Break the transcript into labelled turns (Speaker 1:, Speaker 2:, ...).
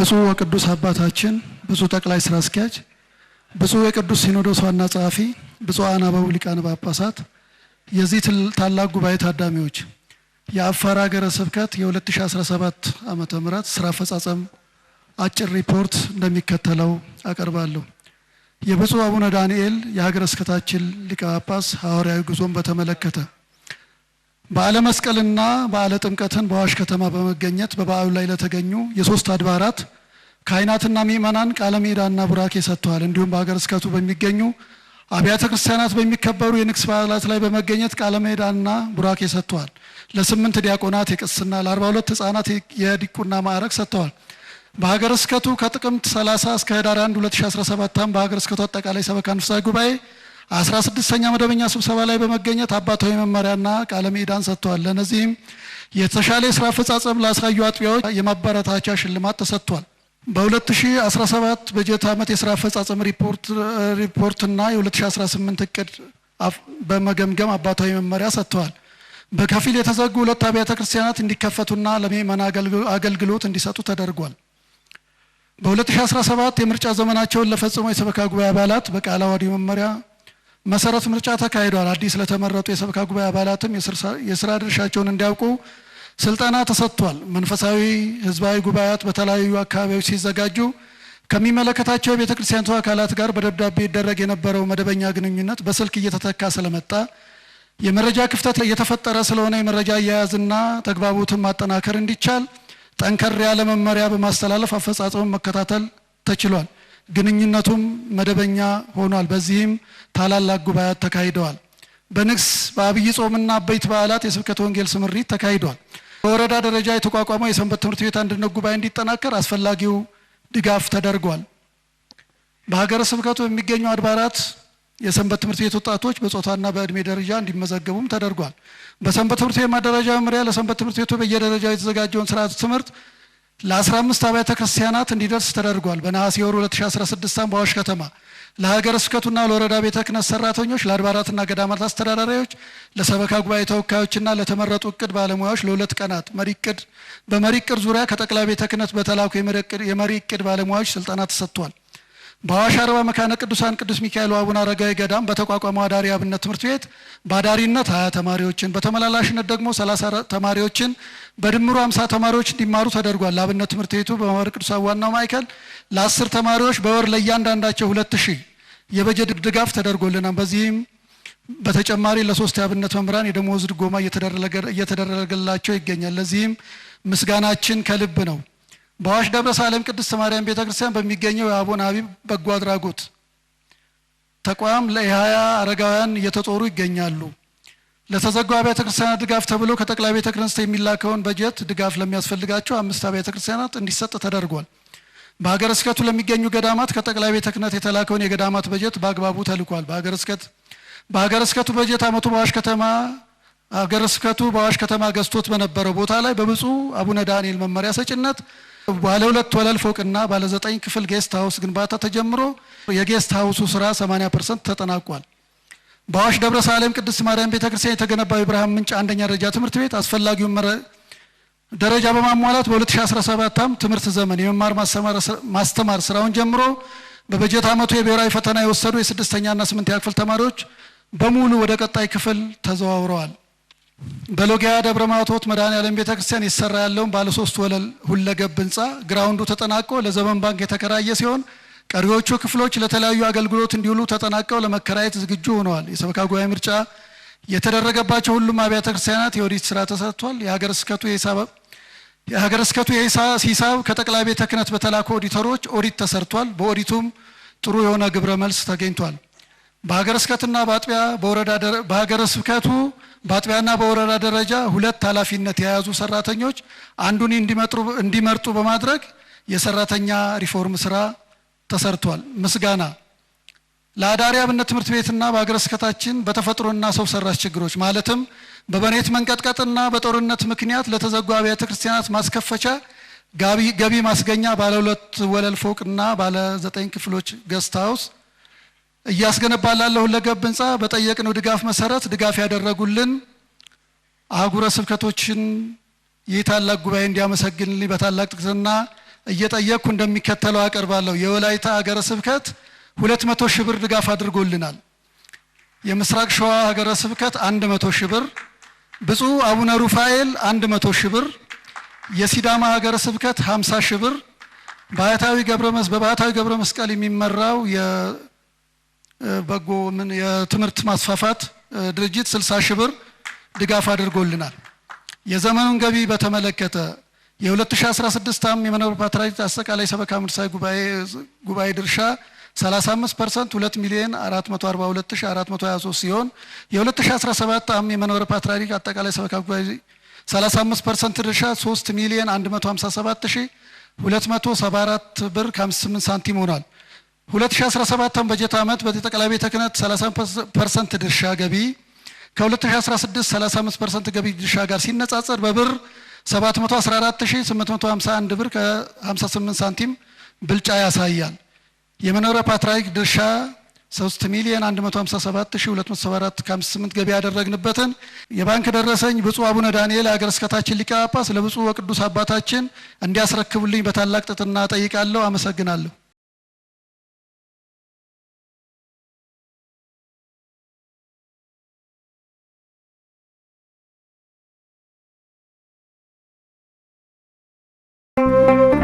Speaker 1: ብፁዕ ወቅዱስ አባታችን፣ ብፁዕ ጠቅላይ ስራ አስኪያጅ፣ ብፁዕ የቅዱስ ሲኖዶስ ዋና ጸሐፊ፣ ብፁዓን አበው ሊቃነ ጳጳሳት፣ የዚህ ታላቅ ጉባኤ ታዳሚዎች፣ የአፋር ሀገረ ስብከት የ2017 ዓ ም ስራ አፈጻጸም አጭር ሪፖርት እንደሚከተለው አቀርባለሁ። የብፁዕ አቡነ ዳንኤል የሀገረ ስብከታችን ሊቀ ጳጳስ ሐዋርያዊ ጉዞን በተመለከተ በዓለ መስቀልና በዓለ ጥምቀትን በአዋሽ ከተማ በመገኘት በበዓሉ ላይ ለተገኙ የሶስት አድባራት ካህናትና ምእመናን ቃለ ምዕዳንና ቡራኬ ሰጥተዋል። እንዲሁም በሀገረ ስብከቱ በሚገኙ አብያተ ክርስቲያናት በሚከበሩ የንግስ በዓላት ላይ በመገኘት ቃለ ምዕዳንና ቡራኬ ሰጥተዋል። ለስምንት ዲያቆናት የቅስና፣ ለአርባ ሁለት ህጻናት የዲቁና ማዕረግ ሰጥተዋል። በሀገረ ስብከቱ ከጥቅምት 30 እስከ ህዳር 1 2017 በሀገረ ስብከቱ አጠቃላይ ሰበካ ንስሐ ጉባኤ አስራ ስድስተኛ መደበኛ ስብሰባ ላይ በመገኘት አባታዊ መመሪያና ቃለ ምዕዳን ሰጥተዋል። ለእነዚህም የተሻለ የስራ አፈጻጸም ላሳዩ አጥቢያዎች የማበረታቻ ሽልማት ተሰጥቷል። በ2017 በጀት ዓመት የስራ አፈጻጸም ሪፖርትና የ2018 እቅድ በመገምገም አባታዊ መመሪያ ሰጥተዋል። በከፊል የተዘጉ ሁለት አብያተ ክርስቲያናት እንዲከፈቱና ለምዕመናን አገልግሎት እንዲሰጡ ተደርጓል። በ2017 የምርጫ ዘመናቸውን ለፈጽሞ የሰበካ ጉባኤ አባላት በቃለ ዓዋዲው መመሪያ መሰረት ምርጫ ተካሂዷል። አዲስ ለተመረጡ የሰበካ ጉባኤ አባላትም የስራ ድርሻቸውን እንዲያውቁ ስልጠና ተሰጥቷል። መንፈሳዊ ህዝባዊ ጉባኤያት በተለያዩ አካባቢዎች ሲዘጋጁ ከሚመለከታቸው የቤተ ክርስቲያኒቱ አካላት ጋር በደብዳቤ ይደረግ የነበረው መደበኛ ግንኙነት በስልክ እየተተካ ስለመጣ የመረጃ ክፍተት እየተፈጠረ ስለሆነ የመረጃ አያያዝና ተግባቦትን ማጠናከር እንዲቻል ጠንከር ያለ መመሪያ በማስተላለፍ አፈጻጸሙን መከታተል ተችሏል። ግንኙነቱም መደበኛ ሆኗል። በዚህም ታላላቅ ጉባኤያት ተካሂደዋል። በንግስ በአብይ ጾምና አበይት በዓላት የስብከት ወንጌል ስምሪት ተካሂዷል። በወረዳ ደረጃ የተቋቋመው የሰንበት ትምህርት ቤት አንድነት ጉባኤ እንዲጠናከር አስፈላጊው ድጋፍ ተደርጓል። በሀገረ ስብከቱ የሚገኙ አድባራት የሰንበት ትምህርት ቤት ወጣቶች በጾታና በእድሜ ደረጃ እንዲመዘገቡም ተደርጓል። በሰንበት ትምህርት ቤት ማደራጃ መምሪያ ለሰንበት ትምህርት ቤቱ በየደረጃው የተዘጋጀውን ስርዓት ትምህርት ለ15 አብያተ ክርስቲያናት እንዲደርስ ተደርጓል። በነሐሴ ወር 2016 በአዋሽ ከተማ ለሀገረ ስብከቱና ለወረዳ ቤተ ክህነት ሰራተኞች፣ ለአድባራትና ገዳማት አስተዳዳሪዎች፣ ለሰበካ ጉባኤ ተወካዮችና ለተመረጡ እቅድ ባለሙያዎች ለሁለት ቀናት በመሪ እቅድ ዙሪያ ከጠቅላይ ቤተ ክህነት በተላኩ የመሪ እቅድ ባለሙያዎች ስልጠና ተሰጥቷል። በአዋሽ አርባ መካነ ቅዱሳን ቅዱስ ሚካኤል አቡነ አረጋዊ ገዳም በተቋቋመው አዳሪ አብነት ትምህርት ቤት በአዳሪነት ሀያ ተማሪዎችን በተመላላሽነት ደግሞ ሰላሳ ተማሪዎችን በድምሩ አምሳ ተማሪዎች እንዲማሩ ተደርጓል። ለአብነት ትምህርት ቤቱ በመንበረ ቅዱሳን ዋናው ማዕከል ለአስር ተማሪዎች በወር ለእያንዳንዳቸው ሁለት ሺህ የበጀት ድጋፍ ተደርጎልናል። በዚህም በተጨማሪ ለሶስት የአብነት መምህራን የደሞዝ ድጎማ እየተደረገላቸው ይገኛል። ለዚህም ምስጋናችን ከልብ ነው። በአዋሽ ደብረ ሳሌም ቅድስት ማርያም ቤተ ክርስቲያን በሚገኘው የአቡነ አቢብ በጎ አድራጎት ተቋም ለኢህያ አረጋውያን እየተጦሩ ይገኛሉ። ለተዘጉ አብያተ ክርስቲያናት ድጋፍ ተብሎ ከጠቅላይ ቤተ ክርስቲያን የሚላከውን በጀት ድጋፍ ለሚያስፈልጋቸው አምስት አብያተ ክርስቲያናት እንዲሰጥ ተደርጓል። በሀገረ ስብከቱ ለሚገኙ ገዳማት ከጠቅላይ ቤተ ክህነት የተላከውን የገዳማት በጀት በአግባቡ ተልኳል። በሀገረ ስብከቱ በጀት አመቱ በአዋሽ ከተማ ሀገረ ስብከቱ በአዋሽ ከተማ ገዝቶት በነበረው ቦታ ላይ በብፁዕ አቡነ ዳንኤል መመሪያ ሰጭነት ባለ ሁለት ወለል ፎቅና ባለ ዘጠኝ ክፍል ጌስት ሀውስ ግንባታ ተጀምሮ የጌስት ሀውሱ ስራ 80 ፐርሰንት ተጠናቋል። በአዋሽ ደብረ ሳሌም ቅድስት ማርያም ቤተ ክርስቲያን የተገነባው የብርሃን ምንጭ አንደኛ ደረጃ ትምህርት ቤት አስፈላጊውን ደረጃ በማሟላት በ2017 ዓም ትምህርት ዘመን የመማር ማስተማር ስራውን ጀምሮ በበጀት ዓመቱ የብሔራዊ ፈተና የወሰዱ የስድስተኛና ስምንተኛ ክፍል ተማሪዎች በሙሉ ወደ ቀጣይ ክፍል ተዘዋውረዋል። በሎጊያ ደብረ ማቶት መድኃኔዓለም ቤተ ክርስቲያን ይሰራ ያለውን ባለ ሶስት ወለል ሁለገብ ህንፃ ግራውንዱ ተጠናቆ ለዘመን ባንክ የተከራየ ሲሆን ቀሪዎቹ ክፍሎች ለተለያዩ አገልግሎት እንዲውሉ ተጠናቀው ለመከራየት ዝግጁ ሆነዋል። የሰበካ ጉባኤ ምርጫ የተደረገባቸው ሁሉም አብያተ ክርስቲያናት የኦዲት ስራ ተሰርቷል። የሀገረ ስብከቱ ሂሳብ ከጠቅላይ ቤተ ክህነት በተላኩ ኦዲተሮች ኦዲት ተሰርቷል። በኦዲቱም ጥሩ የሆነ ግብረ መልስ ተገኝቷል። በሀገረ ስብከትና በአጥቢያ በወረዳ በሀገረ ስብከቱ በአጥቢያና በወረዳ ደረጃ ሁለት ኃላፊነት የያዙ ሰራተኞች አንዱን እንዲመርጡ በማድረግ የሰራተኛ ሪፎርም ስራ ተሰርቷል። ምስጋና ለአዳሪ አብነት ትምህርት ቤትና በሀገረ ስብከታችን በተፈጥሮና ሰው ሰራሽ ችግሮች ማለትም በመሬት መንቀጥቀጥና በጦርነት ምክንያት ለተዘጉ አብያተ ክርስቲያናት ማስከፈቻ ገቢ ማስገኛ ባለ ሁለት ወለል ፎቅና ባለ ዘጠኝ ክፍሎች ገስት ሃውስ እያስገነባ ላለው ሁለገብ ህንፃ በጠየቅነው ድጋፍ መሰረት ድጋፍ ያደረጉልን አህጉረ ስብከቶችን ይህ ታላቅ ጉባኤ እንዲያመሰግንልኝ በታላቅ ጥቅትና እየጠየቅኩ እንደሚከተለው አቀርባለሁ። የወላይታ ሀገረ ስብከት ሁለት መቶ ሺህ ብር ድጋፍ አድርጎልናል። የምስራቅ ሸዋ ሀገረ ስብከት አንድ መቶ ሺህ ብር፣ ብፁዕ አቡነ ሩፋኤል አንድ መቶ ሺህ ብር፣ የሲዳማ ሀገረ ስብከት 50 ሺህ ብር፣ በባህታዊ ገብረ መስቀል የሚመራው በጎ ምን የትምህርት ማስፋፋት ድርጅት 60 ሺህ ብር ድጋፍ አድርጎልናል። የዘመኑን ገቢ በተመለከተ የ2016 ዓም የመኖር ፓትራጅት አጠቃላይ ሰበካ መንፈሳዊ ጉባኤ ድርሻ 35 ፐርሰንት 2 ሚሊዮን 442423 ሲሆን የ2017 ዓም የመኖር ፓትራጅት አጠቃላይ ሰበካ ጉባኤ 35 ፐርሰንት ድርሻ 3 ሚሊዮን 157274 ብር ከ58 ሳንቲም ሆኗል። 2017 በጀት ዓመት በጠቅላይ ቤተ ክህነት 30 ፐርሰንት ድርሻ ገቢ ከ2016 35 ፐርሰንት ገቢ ድርሻ ጋር ሲነጻጸር በብር 714851 ብር ከ58 ሳንቲም ብልጫ ያሳያል። የመኖሪያ ፓትርያርክ ድርሻ 3 ሚሊዮን 157274 ከ58 ገቢ ያደረግንበትን የባንክ ደረሰኝ ብፁዕ አቡነ ዳንኤል አገረ ስብከታችን ሊቀ ጳጳስ ለብፁዕ ወቅዱስ አባታችን እንዲያስረክቡልኝ በታላቅ ትሕትና ጠይቃለሁ። አመሰግናለሁ። you.